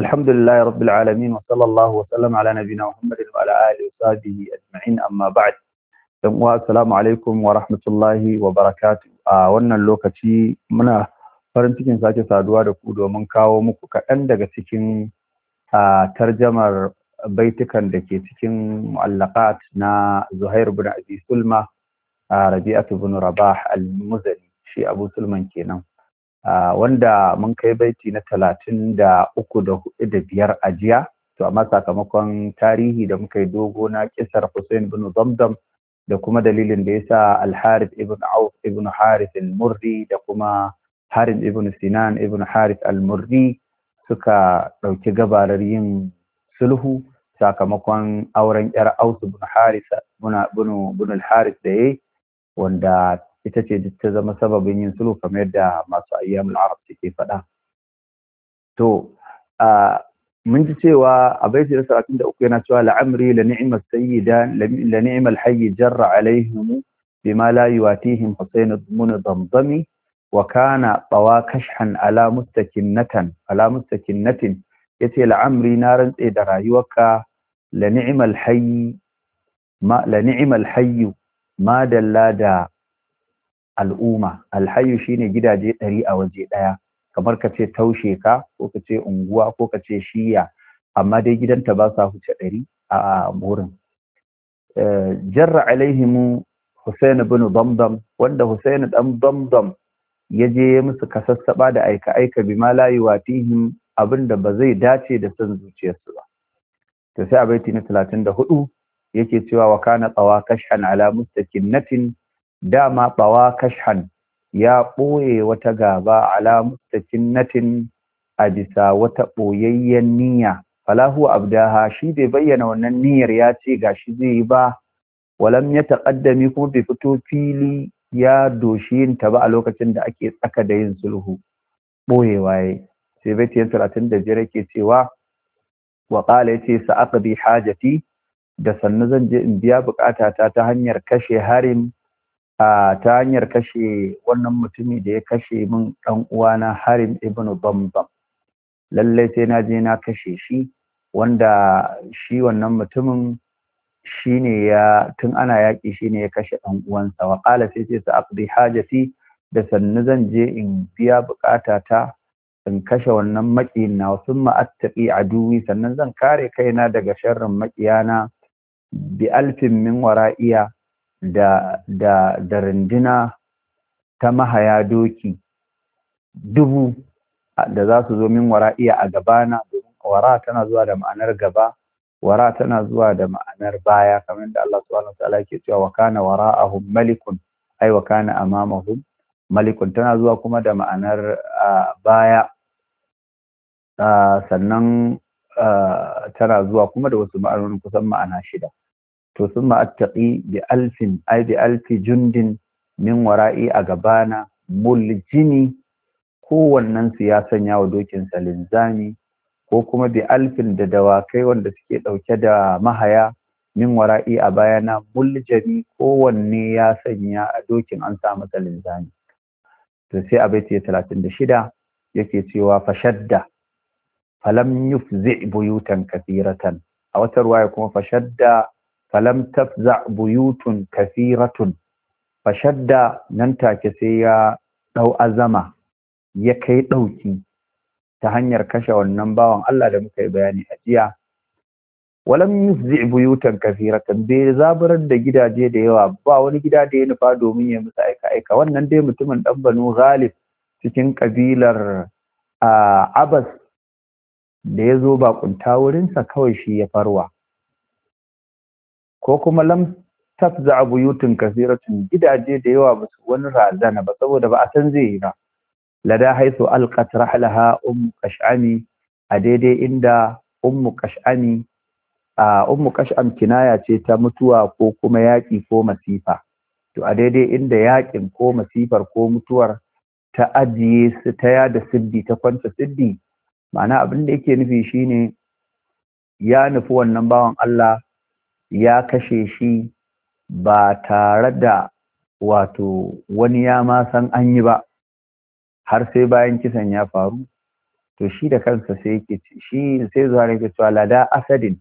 الحمد لله رب العالمين وصلى الله وسلم على نبينا محمد وعلى اله وصحبه اجمعين اما بعد dan uwa assalamu alaikum wa wa a wannan lokaci muna farin cikin sake saduwa da ku domin kawo muku kaɗan daga cikin tarjamar baitukan da ke cikin mu'allaqat na Zuhair bin Abi Sulma Rabi'atu bin Rabah al-Muzani shi Abu Sulman kenan wanda mun kai baiti na talatin da uku da hudu da biyar a jiya to amma sakamakon tarihi da muka yi dogo na kisar Hussein bin Zamzam da kuma dalilin da ya sa harith ibn Auf ibn Harith al-Murri da kuma harin ibn Sinan ibn Harith al-Murri suka ɗauki gabarar yin sulhu sakamakon auren yar Aus ibn Harith ibn al-Harith da yayi wanda ita ce ta zama sababin yin sulhu kamar yadda masu ayyamul arab suke faɗa to mun ji cewa a baiti da salatin da uku yana cewa la'amri la ni'ma sayyida la ni'ma al-hayy jarra alaihim bima la yuwatihim husayn ibn damdami wa kana tawa kashhan ala mustakinnatan ala mustakinnatin yace la'amri na rantse da rayuwarka la hayyi al ma la ma dalla da al'umma alhayu shine gidaje ɗari a waje ɗaya kamar ka ce taushe ka ko ka ce unguwa ko ka ce shiya amma dai gidanta ba sa huce ɗari a wurin eh, jarra alaihimu Hussein bin Bambam, wanda Hussein ɗan Bambam ya je musu kasassaba da aika aika bi ma la abin abinda ba zai dace da son zuciyarsu ba to sai a baiti na 34 yake cewa wa kana tsawa kashan ala natin. dama ɓawa kashan ya ɓoye wata gaba ala mustakinnatin a bisa wata ɓoyayyen niyya falahu abdaha shi bai bayyana wannan niyyar ya ce gashi zai yi ba walam ya taƙaddami kuma bai fito fili ya doshi yin ta ba a lokacin da ake tsaka da yin sulhu ɓoyewa ya sai bai ta talatin da biyar ke cewa wa ƙala ya ce bi hajati da sannu zan je in biya buƙatata ta hanyar kashe harin a ta hanyar kashe wannan mutumi da ya kashe min ɗan uwana harim ibn bambam lallai sai na je na kashe shi wanda shi wannan mutumin shi ne ya tun ana yaƙi shi ne ya kashe ɗan uwansa wa ƙala sai ce sa'aqdi hajati da sannu zan je in biya buƙata ta in kashe wannan maƙiyin na sun ma'attaƙi duwi sannan zan kare kaina daga sharrin maƙiyana bi alfin min wara'iya da da da ta mahaya doki dubu da za su zo min wara iya a gabana wara tana zuwa da ma'anar gaba wara tana zuwa da ma'anar baya kamar da Allah subhanahu wa ta'ala yake cewa wa kana wara'ahum malikun ai wa kana amamahum malikun tana zuwa kuma da ma'anar baya sannan tana zuwa kuma da wasu ma'anoni kusan ma'ana shida to sun ma'attaƙi bi alfin ai bi alfi jundin min wara'i a gabana muljini wannan su ya sanya wa dokinsa linzami ko kuma bi alfin da dawakai wanda suke dauke da mahaya min wara'i a bayana ko kowanne ya sanya a dokin an sa masa linzami to sai a baiti talatin shida yake cewa fashadda falam yufzi buyutan kathiratan a wata ruwaya kuma fashadda falam tafza buyutun kathiratun fashadda nan take sai ya ɗau azama ya kai ɗauki ta hanyar kashe wannan bawan Allah da muka yi bayani a jiya walam yuzzi buyutan kathiratan bai zaburar da gidaje da yawa ba wani gida da ya nufa domin ya musu aika aika wannan dai mutumin dan banu ghalib cikin kabilar ah, abbas da ya zo bakunta wurinsa kawai shi ya farwa ko kuma lam tafza buyutun kasiratun gidaje da yawa ba su wani razana ba saboda ba a san zai yi ba lada haisu alqat rahlaha ummu qash'ani a daidai inda ummu qash'ani a ummu qash'am kinaya ce ta mutuwa ko kuma yaƙi ko masifa to a daidai inda yaƙin ko masifar ko mutuwar ta ajiye su ta yada siddi ta kwanta siddi ma'ana abin da yake nufi shine ya nufi wannan bawan Allah ya kashe shi ba tare da wato wani ya ma san an yi ba har sai bayan kisan ya faru to shi da kansa sai ke shi sai zuwa ke cewa lada asadin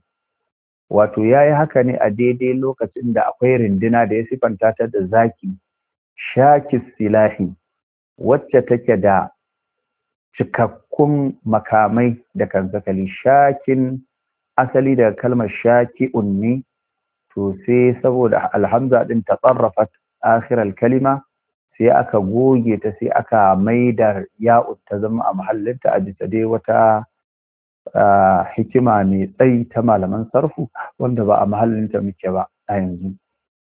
wato ya yi haka ne a daidai lokacin da akwai rindina da ya sifanta ta da zaki shakis silahi wacce take da cikakkun makamai da kansakali shakin asali daga kalmar shaki unni to sai saboda alhamza din ta tsarrafat akhiral kalima sai aka goge ta sai aka maida ya'u ta zama a mahallinta a bisa dai wata hikima mai tsayi ta malaman sarfu wanda ba a mahallinta muke ba a yanzu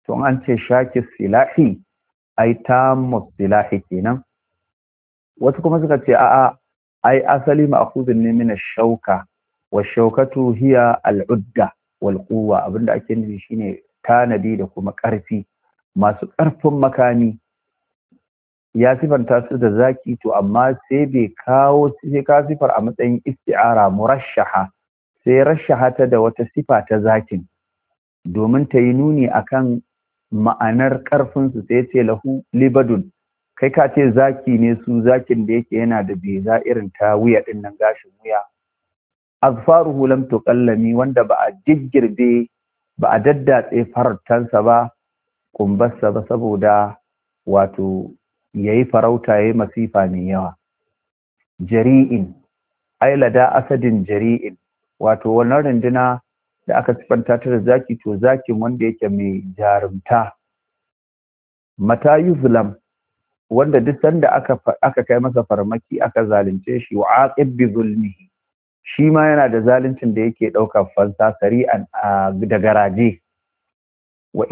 to an ce shaki silahi ai ta silahi kenan wasu kuma suka ce a'a ai asali ma'khudun ne min shauka wa shaukatu hiya al'udda Walƙuwa, abin da ake nufi shine tanadi da kuma ƙarfi masu ƙarfin makami ya sifanta su da zaki to amma sai bai kawo sai ka sifar a matsayin isti'ara murashaha sai rashaha ta da wata sifa ta zakin domin ta yi nuni akan ma'anar ƙarfin su sai ce lahu libadun kai ka ce zaki ne su zakin da yake yana da beza irin ta wuya din nan gashin wuya azfaruhu lam tuqallami wanda ba a giggirbe ba a daddatse farautansa ba kumbarsa ba saboda wato yayi farauta ya yi masifa mai yawa jari'in ailada asadin jari'in wato wannan runduna da aka sifanta ta da zaki to zakin wanda yake mai jarumta mata yuzlam wanda duk sanda aka kai masa farmaki aka zalunce shi wa aqib bi zulmihi shi ma yana da zaluncin da yake ɗaukar fansa sari'an da garaje wa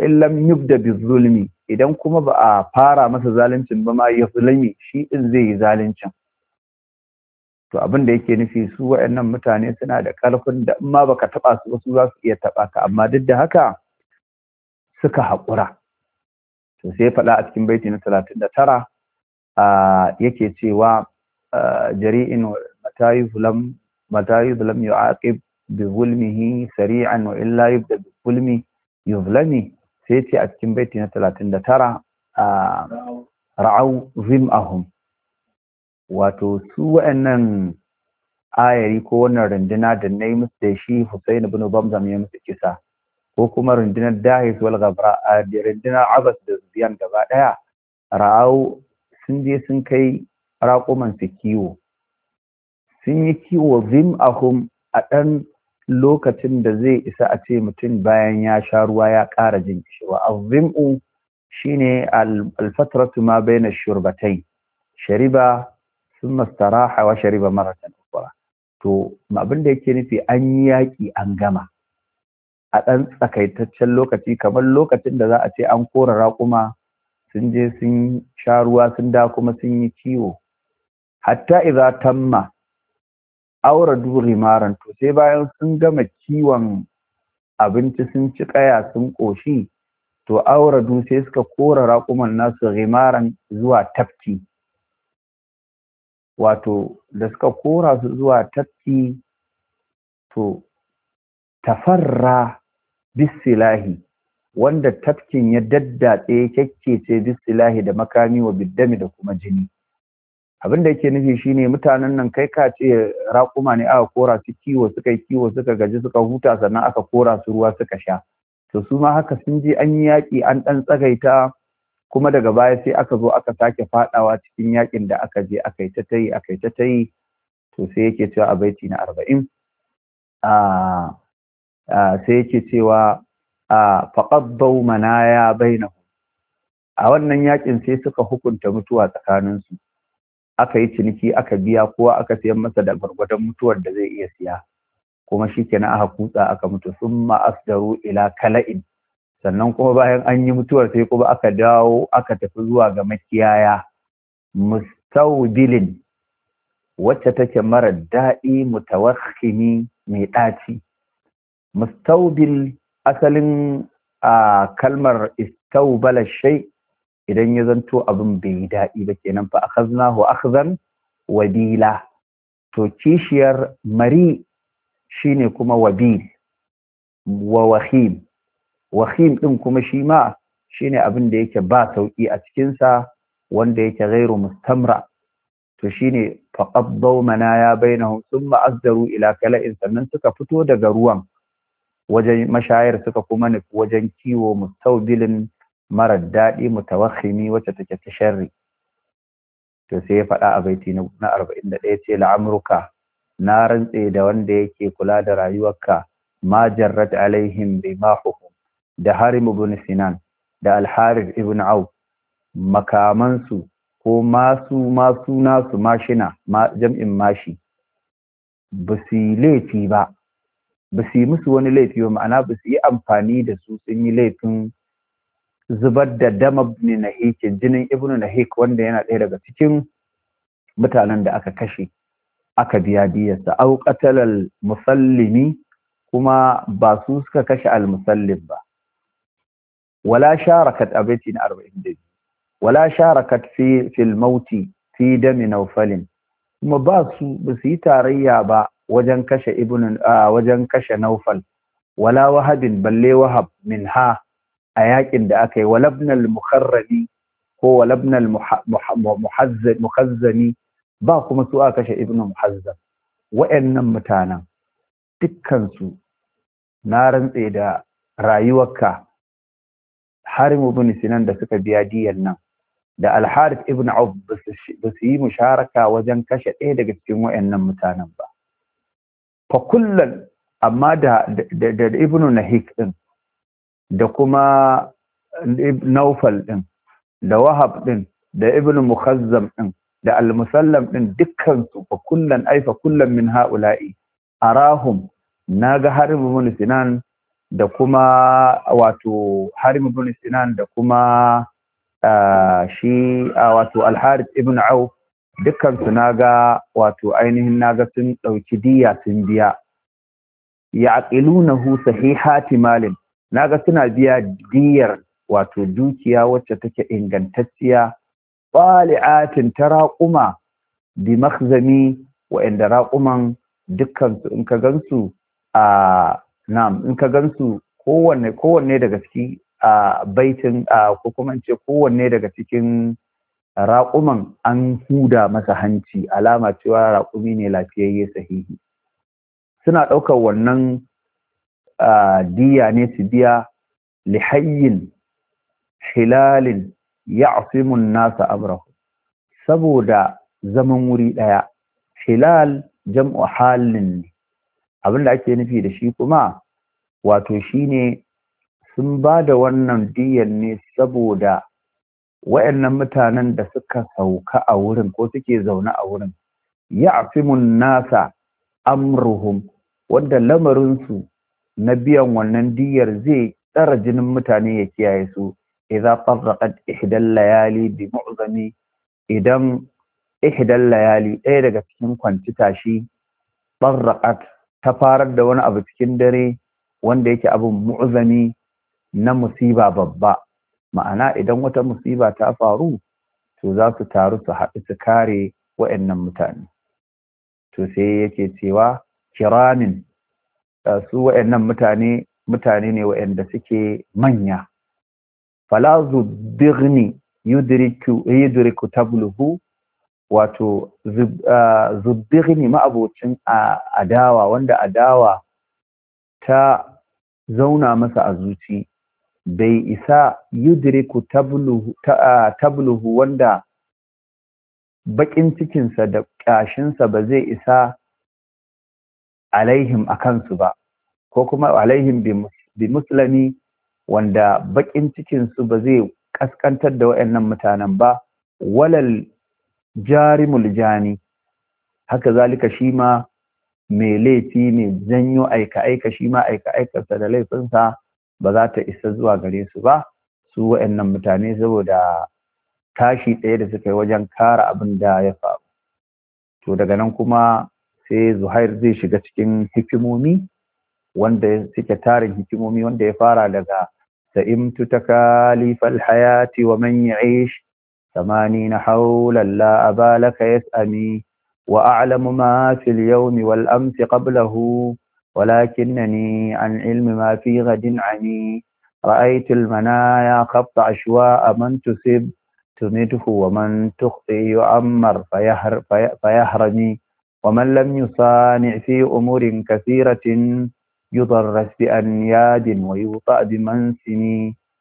illam yubda bi zulmi idan kuma ba a fara masa zaluncin ba ma ya zulmi shi din zai yi zaluncin to abin da yake nufi su wayannan mutane suna da ƙarfin da in ma baka taɓa su wasu za su iya taɓa ka amma duk da haka suka haƙura to sai faɗa a cikin baiti na talatin da tara yake cewa jari'in hatta yuzlam mata yuzlam yu'aqib bi zulmihi sari'an wa illa yubda bi sai ce a cikin baiti na 39 a ra'au wato su wa'annan ayari ko wannan runduna da na yi musu da shi Hussein ibn Bamzam ya musu kisa ko kuma rundunar Dahis wal Gabra a rundunar Abbas da Zubiyan gaba daya ra'au sun je sun kai raƙuman su kiwo sun yi kiwo zim'ahum a ɗan lokacin da zai isa a ce mutum bayan ya sha ruwa ya ƙara jin kishirwa shi shine alfatratu ma bai na shurbatai shariba sun mastara hawa shariba maratan ukhra to abin da yake nufi an yi yaƙi an gama a ɗan tsakaitaccen lokaci kamar lokacin da za a ce an kora raƙuma sun je sun sha ruwa sun da kuma sun yi kiwo hatta idan tamma aure duri maran to sai bayan sun gama kiwon abinci sun ci kaya sun ƙoshi to aure du sai suka kora raƙuman nasu rimaran zuwa tafki wato da suka kora su zuwa tafki to tafarra bisilahi wanda tafkin ya daddatse ya kyakkece bisilahi da makami wa biddami da kuma jini abin da yake nufi shine mutanen nan kai ka ce raƙuma ne aka kora su kiwo suka yi kiwo suka gaji suka huta sannan aka kora su ruwa suka sha to su ma haka sun je an yi yaƙi an ɗan tsagaita kuma daga baya sai aka zo aka sake faɗawa cikin yaƙin da aka je aka yi ta yi aka yi ta yi to sai yake cewa a baiti na arba'in sai yake cewa faƙaddau manaya bainahu a wannan yaƙin sai suka hukunta mutuwa tsakaninsu aka yi ciniki aka biya kowa aka sayan masa da gwargwadon mutuwar da zai iya siya kuma shi kenan aka kutsa aka mutu summa asdaru ila kala'in sannan kuma bayan an yi mutuwar sai kuma aka dawo aka tafi zuwa ga makiyaya mustawdilin wacce take mara daɗi mutawakhimi mai ɗaci mustaubil asalin a kalmar istaubala shai idan ya zanto abin bai yi daɗi ba kenan fa akhaznahu akhzan wabila to kishiyar mari shine kuma wabil wa wahim wahim din kuma shi ma shine abin da yake ba sauki a cikin sa wanda yake ghairu mustamra to shine faqaddaw manaya bainahum thumma azdaru ila kala'in sannan suka fito daga ruwan wajen mashayar suka kuma nufi wajen kiwo mustawbilin marar daɗi mutawakhimi wacce take ta sharri to sai ya faɗa a baiti na 41 ce la'amruka na rantse da wanda yake kula da rayuwarka ma jarrat alaihim rimahuhum da harim ibn sinan da al-harith ibn au makamansu ko masu masu nasu mashina jam'in mashi ba su yi laifi ba ba su yi musu wani laifi ba ma'ana ba su yi amfani da su sun yi laifin zubar da dama na hikin jinin ibnu na hik wanda yana ɗaya daga cikin mutanen da aka kashe aka biya diyarsa au qatalal musallimi kuma ba su suka kashe al musallim ba wala sharakat abatin 42 wala sharakat fi fil mauti fi dami naufalin kuma ba su ba su yi tarayya ba wajen kashe wajen kashe naufal wala wahabin balle wahab min ha. a yakin da aka yi walabnal muharrani ko walabnal muhazzani ba kuma su aka kashe ibn muhazzan wa'annan mutanen dukkansu na rantse da rayuwarka harim ibn sinan da suka biya diyan nan da alharif ibn auf ba su yi musharaka wajen kashe ɗaya daga cikin wa'annan mutanen ba fa kullum amma da ibn nahik din da kuma naufal ɗin da wahab ɗin da ibn mukhazzam ɗin da al-musallam ɗin dukkansu fa kullan ai fa kullan min ha'ula'i arahum naga harim ibn sinan da kuma wato harim ibn sinan da kuma shi wato al ibn Aw dukkansu naga wato ainihin na ga sun ɗauki diya sun biya Ya hu sahihati malin na ga suna biya diyar wato dukiya wacce take ingantacciya ɓali'atin ta raƙuma bi makhzami wa'inda raƙuman dukkansu in ka gansu a nam in ka gansu kowanne kowanne daga ciki a baitin ko kuma ce kowanne daga cikin raƙuman an huda masa hanci alama cewa raƙumi ne lafiyayye sahihi suna ɗaukar wannan diya ne su biya lihayyin hilalin ya'simun nasa abrahu saboda zaman wuri ɗaya hilal jam'u halin ne Abinda ake nufi da shi kuma wato shine sun ba da wannan diyan ne saboda wayannan mutanen da suka sauka a wurin ko suke zaune a wurin ya'simun nasa amruhum wanda lamarinsu na biyan wannan diyyar zai tsara jinin mutane ya kiyaye su idza farraqat ihdal layali bi mu'zami idan ihdal layali ɗaya daga cikin kwanci shi farraqat ta farar da wani abu cikin dare wanda yake abin mu'zami na musiba babba ma'ana idan wata musiba ta faru to za su taru su haɗu su kare wa'annan mutane to sai yake cewa kiramin su waɗannan mutane mutane ne waɗanda suke manya fala zubirni yudriku tabluhu wato zubirni ma'abocin adawa wanda adawa ta zauna masa a zuci bai isa yudriku tabluhu wanda bakin cikinsa da kashinsa ba zai isa alaihim a kansu ba ko kuma alaihim bi musulmi wanda bakin cikinsu ba zai kaskantar da waɗannan mutanen ba walal jari muljani haka zalika shi ma mai laifi ne janyo aika-aika shi ma aika-aikarsa da laifinsa ba za ta isa zuwa gare su ba su waɗannan mutane saboda tashi ɗaya da suka yi wajen kara abin da ya faru to daga nan kuma sai zuhair zai shiga cikin hikimomi wanda suke tarin hikimomi wanda ya fara daga sa'imtu ta kalifal hayati wa man ya'ish tamani na haulan la'aba laka yas'ami wa a'lamu ma fil yawmi wal amsi qablahu ولكنني an ilmi ma fi غد ani رأيت المنايا خط عشواء من تسب تمده ومن تخطي يعمر فيهر فيهرني ومن لم يصانع في أمور كثيرة يضرس بأنياد ويوطأ بمنسم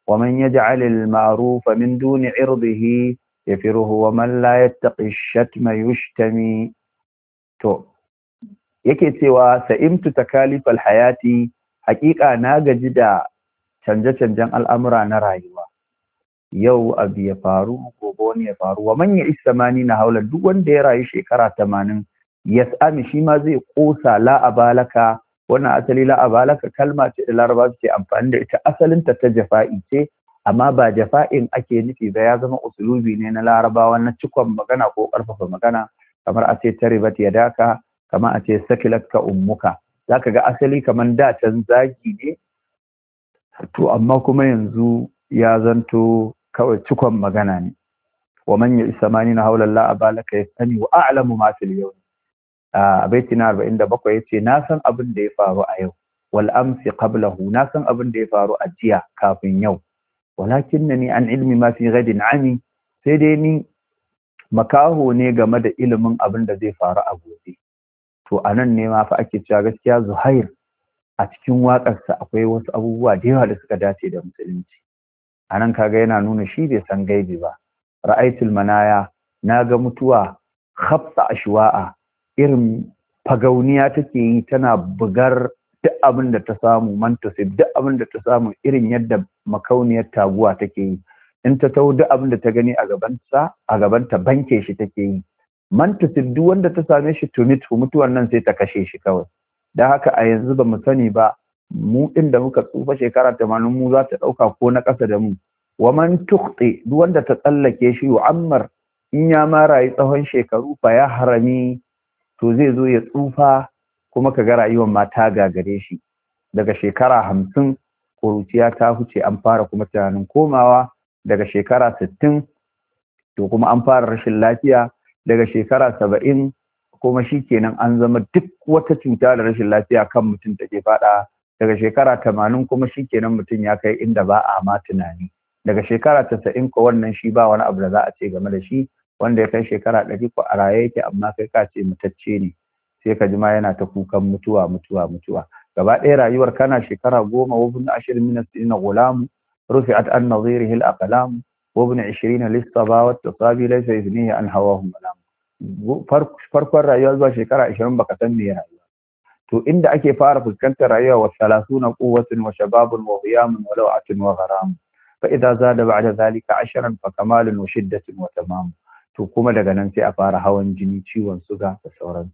ومن يجعل المعروف من دون عرضه يفره ومن لا يتقي الشتم يشتمي to yake cewa sa'imtu takalifal hayati hakika na gaji da canje-canjen al'amura na rayuwa yau abu ya faru gobe wani ya faru wa manya isa mani na haula duk wanda ya rayu shekara tamanin yas'ami shi ma zai kosa balaka. wannan asali balaka kalma ce da laraba ce amfani da ita asalinta ta jafa'i ce amma ba jafa'in ake nufi ba ya zama usulubi ne na larabawa na cikon magana ko karfafa magana kamar a ce taribat ya daka kamar a ce sakilat ka ummuka zaka ga asali kamar da can zagi ne to amma kuma yanzu ya zanto kawai cikon magana ne wa man ya isa mani na haula la'a balaka ya wa a'lamu ma fil a baiti na bakwai yace na san abin da ya faru a yau wal amsi qablahu na san abin da ya faru a jiya kafin yau Walakin ni an ilmi ma fi ghadin ami sai dai ni makaho ne game da ilimin abin da zai faru a gobe to anan ne ma fa ake cewa gaskiya Zuhair a cikin waƙarsa akwai wasu abubuwa da yawa da suka dace da musulunci anan kaga yana nuna shi bai san gaibi ba ra'aitul manaya na ga mutuwa khafsa ashwa'a irin fagauniya take yi tana bugar duk abin da ta samu mantasib duk abin da ta samu irin yadda makauniyar taguwa take yi in ta tau duk abin da ta gani a gabanta a gabanta banke shi take yi mantasib duk wanda ta same shi tunit mutuwan nan sai ta kashe shi kawai don haka a yanzu ba mu sani ba mu inda da muka tsufa shekara tamanin mu za ta ɗauka ko na ƙasa da mu wa man tuqti duk wanda ta tsallake shi yu'ammar in ya marayi tsawon shekaru fa ya harami to zai zo ya tsufa kuma ka ga rayuwar ma ta gagare shi daga shekara hamsin ƙuruciya ta huce an fara kuma tunanin komawa daga shekara sittin to kuma an fara rashin lafiya daga shekara saba'in kuma shi kenan an zama duk wata cuta da rashin lafiya kan mutum take faɗa daga shekara tamanin kuma shi kenan mutum ya kai inda ba a ma tunani daga shekara tasa'in ko wannan shi ba wani abu da za a ce game da shi wanda ya kai shekara ɗari ko a raye yake amma kai ka ce mutacce ne sai ka ji ma yana ta kukan mutuwa mutuwa mutuwa gaba ɗaya rayuwar kana shekara goma wa bin ashirin min asina gulamu rufi'at an nadhirihi al-aqlam wa bin ashirin lissaba wa tasabi laysa iznihi an hawahu malam farkon rayuwa zuwa shekara ashirin baka san me rayuwa to inda ake fara fuskantar rayuwa wa salasuna quwwatun wa shababun wa qiyamun wa law'atun wa gharam fa idza zada ba'da dhalika asharan fa kamalun wa shiddatun wa tamamun to kuma daga nan sai a fara hawan jini ciwon suga da sauransu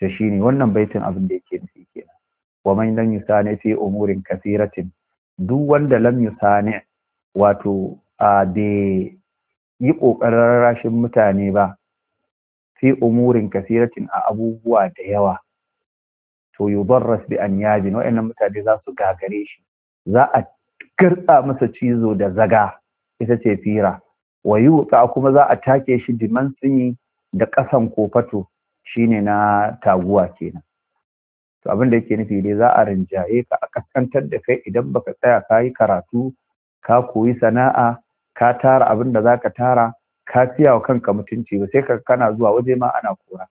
to shine wannan baitin abin da yake nufi kenan wa man lam yusani fi umurin kathiratin duk wanda lam yusani wato a bai yi ƙoƙarin rashin mutane ba fi umurin kathiratin a abubuwa da yawa to yubarras bi an yajin wa'annan mutane za su gagare shi za a kirtsa masa cizo da zaga ita ce fira wa yuqa kuma za a take shi diman tsini da ƙasan kofato shine na taguwa kenan to abin da yake nufi dai za a rinjaye ka a kaskantar da kai idan baka tsaya ka yi karatu ka koyi sana'a ka tara abin da za ka tara ka fiya wa kanka mutunci ba sai ka kana zuwa waje ma ana kora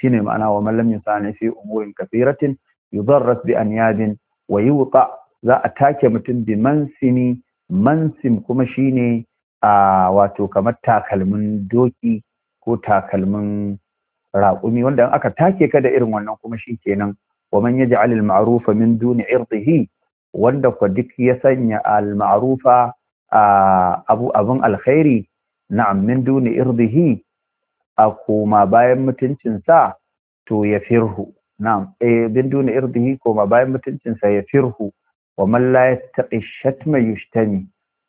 shine ma'ana wa mallam yusani fi umurin kathiratin yudarras bi anyadin wa yuqa za a take mutum bi mansini mansim kuma shine a wato kamar takalmin doki ko takalmin raƙumi wanda aka take ka da irin wannan kuma shi kenan wa man yaj'al al-ma'rufa min duni irdihi wanda ku duk ya sanya al-ma'rufa abu abun alkhairi na'am min duni irdihi a koma bayan mutuncinsa to ya firhu na'am eh bin duni irdihi koma bayan mutuncinsa ya firhu wa man la yattaqi shatma yushtami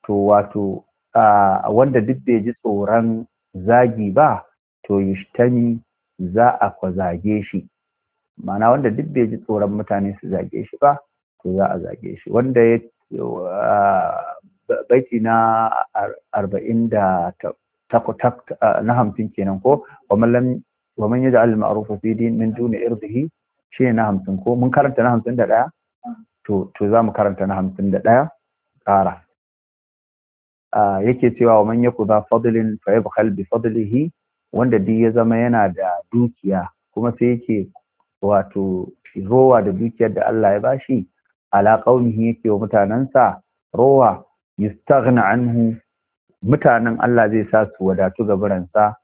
to wato wanda duk bai ji tsoron zagi ba to yushtani za a ku zage shi ma'ana wanda duk bai ji tsoron mutane su zage shi ba to za a zage shi wanda ya baiti na arba'in da na hamsin kenan ko wa man yaja al ma'rufu fi din min duni irdihi shi na hamsin ko mun karanta na hamsin da ɗaya mm. to za mu karanta na hamsin da ɗaya ƙara Ah, yake cewa wa man yaku za fadlin fa yabkhal bi fadlihi wanda duk ya zama yana da dukiya kuma sai yake wato rowa da dukiyar da Allah ya bashi ala qaumihi yake wa mutanansa rowa yastaghna anhu mutanen Allah zai sa su wadatu gabaransa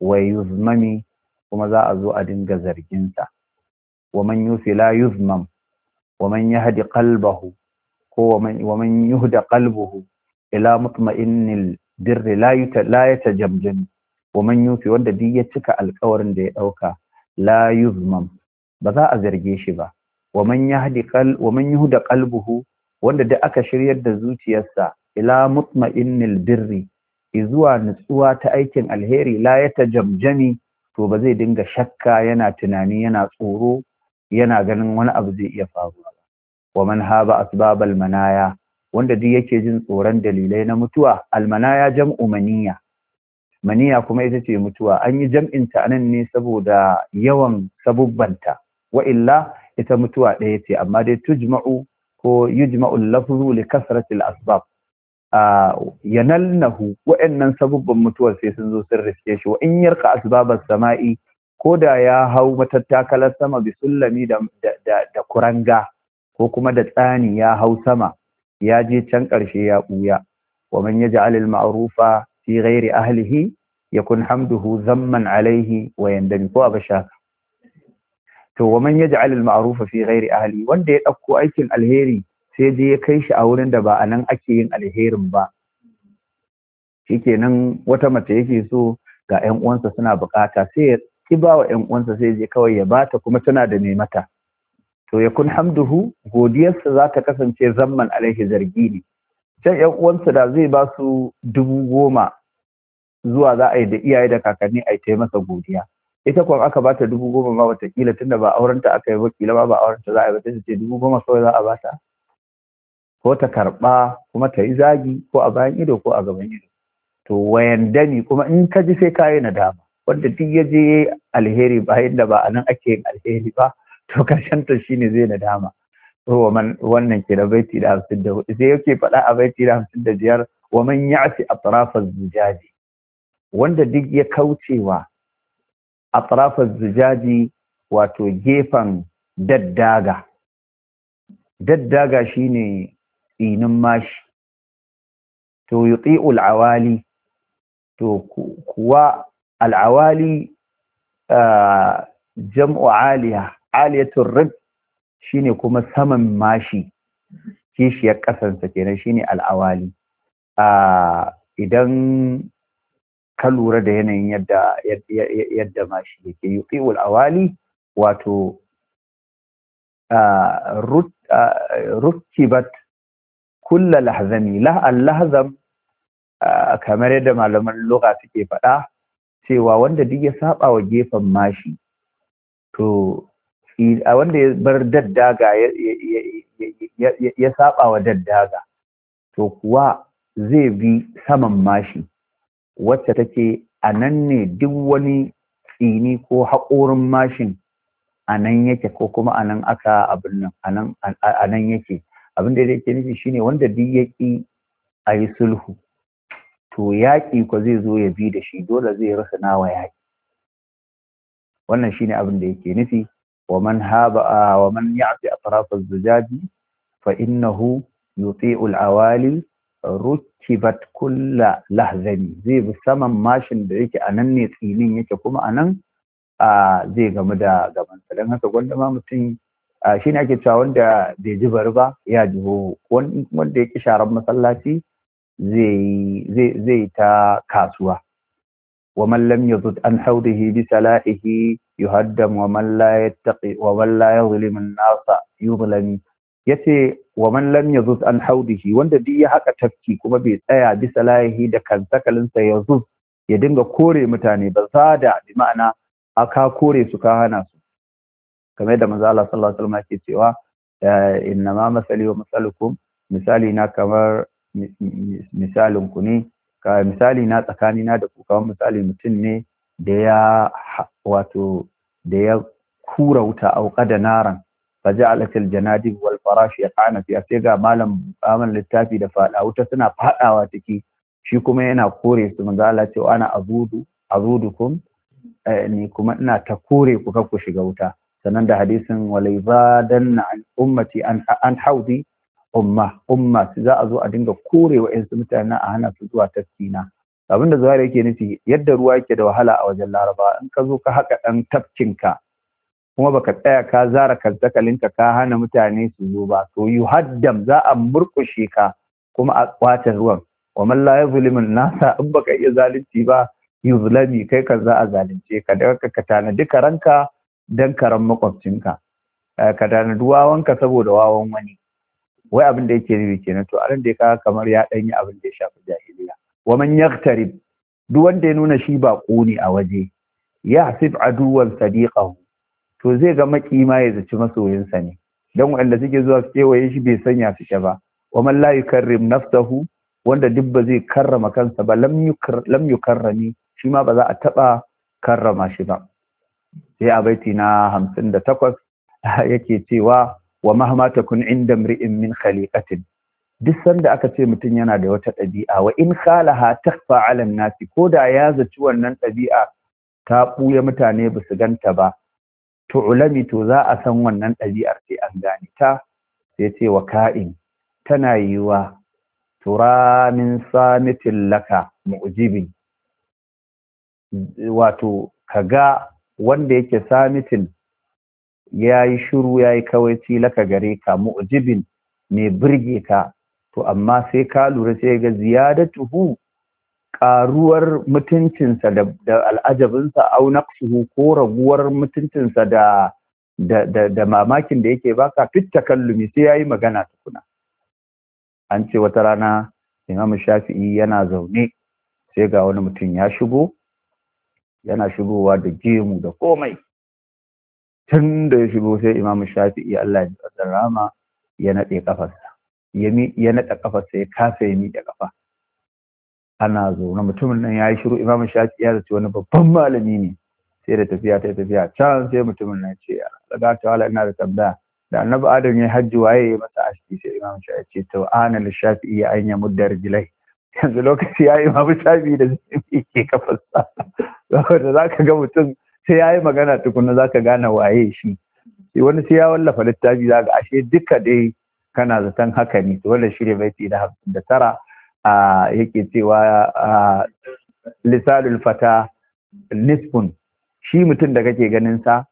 wa yuzmami kuma za a zo a dinga zarginsa wa man yufi la yuzmam wa man yahdi qalbahu ko wa man yuhda qalbuhu ila mutma'innil birri la yatajabjan wa man yufi wanda duk ya cika alƙawarin da ya ɗauka la yuzmam ba za a zarge shi ba wa man yahdi qal wa man yuhda qalbuhu wanda duk aka shiryar da zuciyarsa ila mutma'innil birri izuwa nutsuwa ta aikin alheri la jamjani to ba zai dinga shakka yana tunani yana tsoro yana ganin wani abu zai iya faruwa wa man haba asbabal manaya wanda duk yake jin tsoron dalilai na mutuwa almanaya jam'u maniya maniya kuma ita ce mutuwa an yi jam'in ta nan ne saboda yawan sabubbanta wa illa ita mutuwa ɗaya ce amma dai tujma'u ko yujma'u lafzu li kasrati al-asbab yanalnahu wa'annan sabubban mutuwar sai sun zo sun rike shi wa in yarka asbabas sama'i ko da ya hau matattakalar sama bi sullami da, da, da kuranga ko kuma da tsani ya hau sama ya je can ƙarshe ya ɓuya wa man yaj'al al-ma'rufa fi ghairi ahlihi yakun hamduhu zamman Alayhi, wa yandami ko abashaka to wa man yaj'al al-ma'rufa fi ghairi ahlihi wanda ya ɗauko aikin alheri sai je ya kai shi a wurin da ba a nan ake yin alherin ba shikenan wata mace yake so ga 'yan uwansa suna bukata sai ya ki ba wa 'yan uwansa sai je kawai ya bata kuma tana da mai mata to ya kun hamduhu godiyarsa za ta kasance zamman alaihi zargi ne can yan uwansa da zai ba su dubu goma zuwa za a yi da iyaye da kakanni a yi ta masa godiya ita kuwa aka bata dubu goma ma watakila tunda ba aurenta aka yi wakila ba ba aurenta za a yi ba ta ce dubu goma kawai za a bata ko ta karɓa kuma ta yi zagi ko a bayan ido ko a gaban ido to wayan dani kuma in ka ji sai ka yi nadama wanda duk ya je alheri bayan da ba a nan ake yin alheri ba to karshen ta shine zai nadama wa man wannan ke da baiti da hamsin da hudu sai yake faɗa a baiti da hamsin da biyar wa man ya fi atrafar zujaji wanda duk ya kaucewa atrafar zujaji wato gefen daddaga daddaga shine tsinin mashi to yuti'ul awali to kuwa al'awali ah, jam'u aliyah aliyatul rib shine kuma saman mashi kishiyar kasansa kenan shine al'awali idan ka lura da yanayin yadda yadda mashi yake yuqiul awali wato rukkibat kulla lahzami lahzam kamar yadda malaman lugha suke faɗa cewa wanda duk ya saba wa gefen mashi to a wanda ya bar daddaga ya saba wa daddaga to kuwa zai bi saman mashi wacce take a nan ne duk wani tsini ko haƙorin mashin a nan yake ko kuma a nan aka abin nan a nan yake abin da yake nufi shine wanda duk ya ƙi a yi sulhu to yaƙi ko zai zo ya bi da shi dole zai rasa nawa yaƙi wannan shine abin da yake nufi ومن هاب ومن يعطي أطراف الزجاج فإنه يطيع العوالي ركبت كل لهذني زي بسمن ماشin da yake anan ne tsinin yake kuma anan zai gamu da gaban sa dan haka gwanda ma mutum shine ake cewa wanda bai ji bari ba ya ji wanda yake sharan masallaci zai zai ta kasuwa ومن لم يزد عن حوضه بسلائه يهدم ومن لا يتقي ومن لا يظلم الناس يظلم yace wa man lam yazuz an haudihi wanda duk ya haka tafki kuma bai tsaya bisa layihi da sakalinsa ya zuz ya dinga kore mutane ba da bi ma'ana aka kore su ka hana su kamar da manzo Allah sallallahu alaihi wasallam yake cewa inna ma masali wa misali na kamar misalin ku ne ka misali na tsakani na da ku kamar misali mutum ne da ya wato da ya kura wuta auka da naran fa ja'ala kal janadib wal farash yaqana fi sai ga malam amal littafi da fada wuta suna fadawa ciki shi kuma yana kore su manzo Allah ce ana azudu azudukum eh, ni kuma ina ta kore ku ku shiga wuta sannan da hadisin walaibadanna an ummati an an haudi umma umma za a zo a dinga kore wa yansu mutane a hana su zuwa tafkina abinda zuwa yake nufi yadda ruwa yake da wahala a wajen laraba in ka zo ka haka tafkin ka, kuma baka tsaya ka zara kaltakalinka ka hana mutane su zo ba to yu haddam za a murkushe ka kuma a kwace ruwan wa man la yuzlimu nasa in baka iya zalunci ba yuzlami kai kan za a zalunce ka da ka tanadi karanka dan karan makwabcinka eh, ka tanadi wawanka saboda wawan wani wai abin da yake nufi kenan to aran da ya kawo kamar ya ɗanyi abin da ya shafi jahiliya wa man yaqtarib duk wanda ya nuna shi ba ne a waje ya hasib aduwan sadiqahu to zai ga makima ya zaci masoyinsa ne dan wanda suke zuwa su kewaye shi bai sanya su ba wa man la yukarrim nafsahu wanda duk ba zai karrama kansa ba lam yukarrami shi ma ba za a taɓa karrama shi ba sai a baiti na hamsin da takwas yake cewa wa mahma takun inda mri'in min khaliqatin duk sanda aka ce mutum yana da wata ɗabi'a wa in khalaha takhfa 'ala nasi ko da ya zaci wannan ɗabi'a ta ɓuya mutane ba su ganta ba to ulami to za a san wannan ɗabi'ar sai an gane ta sai ce wa ka'in tana yiwa Turanin samitin laka mu'jibin wato ga wanda yake samitin ya yi shiru ya yi kawai, laka gare ka mu'jibin mai birge ka to amma sai ka lura sai ga ziyadatuhu karuwar mutuncinsa da, al'ajabinsa au naqsuhu ko raguwar mutuncinsa da da mamakin da yake baka fit takallumi sai yayi magana tukuna an ce wata rana Imam Shafi'i yana zaune sai ga wani mutum ya shigo yana shigowa da gemu da komai tun da ya shigo sai imamu shafi'i Allah ya ji rama ya naɗe kafarsa ya naɗe kafarsa ya kasa ya miƙe kafa ana na mutumin nan ya yi shiru imamu shafi'i ya zace wani babban malami ne sai da tafiya ta tafiya can sai mutumin nan ce daga ta wala ina da tambaya da annabi adam ya hajji waye ya masa aski sai imamu shafi'i ce to ana da shafi'i ya anya muddar jilai yanzu lokaci ya imamu shafi'i da zai miƙe kafarsa saboda za ka ga mutum sai ya yi magana tukuna za ka gane waye shi wani sai ya wallafa littafi za ka ashe duka dai kana zaton haka ne to shirya mai fi da hamsin da tara a yake cewa lisalul fata nisfun shi mutum da kake ganin sa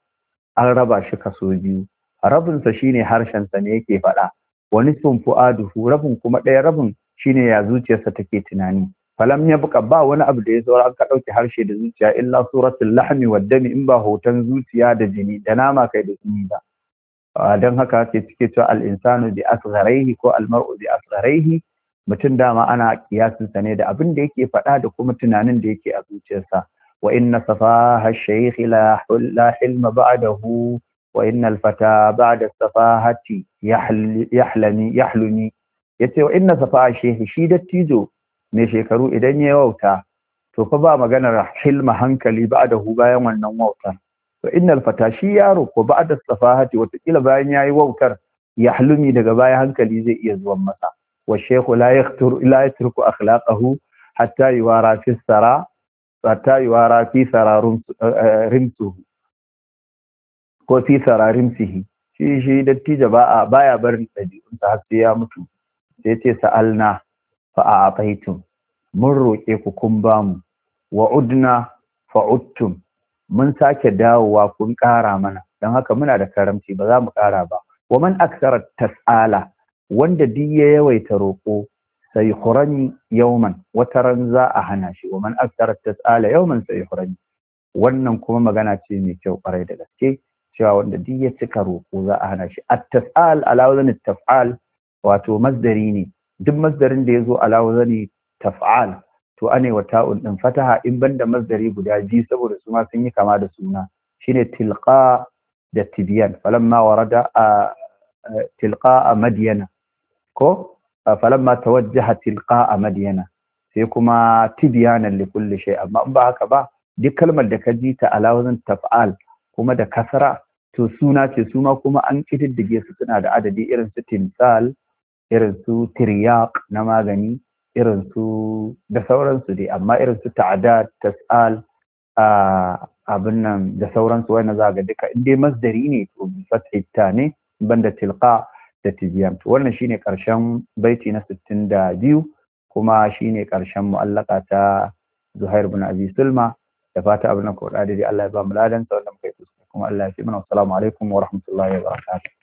an raba shi kaso biyu rabinsa shine harshensa ne yake faɗa wa sun fu'adu rabin kuma ɗaya rabin shine ya zuciyarsa take tunani falam ya buka ba wani abu da ya saura ka ɗauki harshe da zuciya illa suratul lahmi wa dami in ba hoton zuciya da jini da nama kai da jini ba don haka ke cike cewa al-insanu bi asgharihi ko al-mar'u bi mutum dama ana kiyasin sa ne da abin da yake faɗa da kuma tunanin da yake a zuciyarsa wa inna safaha shaykh la la hilma ba'dahu wa inna al-fata ba'da safahati yahlani yahluni yace wa inna safaha shaykh shi dattijo mai shekaru idan ya wauta to fa ba maganar hilma hankali ba da hu bayan wannan wautar to innal fata shi yaro ko ba da safahati watakila bayan yayi wautar ya halumi daga bayan hankali zai iya zuwan masa wa shekhu la yaktur la yatruku akhlaqahu hatta yuwara fi sara hatta yuwara fi sararun eh, rimsuhu ko fi sihi shi shi dattijo ba a baya barin ɗabi'unsa har sai ya mutu sai ce sa'alna fa a faitun mun roƙe ku kun ba mu wa udna mun sake dawowa kun ƙara mana don haka muna da karamci ba za mu ƙara ba wa man aksara tas'ala wanda duk ya yawaita roƙo sai khurani yawman wata ran za a hana shi wa man aksara tas'ala yawman sai hurani. wannan kuma magana ce mai kyau kwarai da gaske cewa wanda duk ya cika roƙo za a hana shi at-tas'al ala wazn wato masdari ne duk masdarin da ya zo ala wazani taf'al to ane wa ta'un din fataha in banda masdari guda biyu saboda su ma sun yi kama da suna shine tilqa da tibyan falamma warada tilqa madyana ko falamma tawajjaha tilqa madyana sai kuma tibyanan li kulli shay amma in ba haka ba duk kalmar da ka ji ta ala wazan taf'al kuma da kasara to suna ce su ma kuma an kididdige su suna da adadi irin su timsal irin su tiryak na magani irin su da sauransu dai amma irin su ta'ada tas'al abin nan da sauransu wani za ga duka in dai masdari ne to fatta ne banda tilka da tijiyan to wannan shine karshen baiti na 62 kuma shine karshen mu'allaka ta Zuhair bin Abi Sulma da fata abin nan ko da Allah ya ba mu ladan sa wannan kai kuma Allah ya ci mana assalamu alaikum wa rahmatullahi wa barakatuh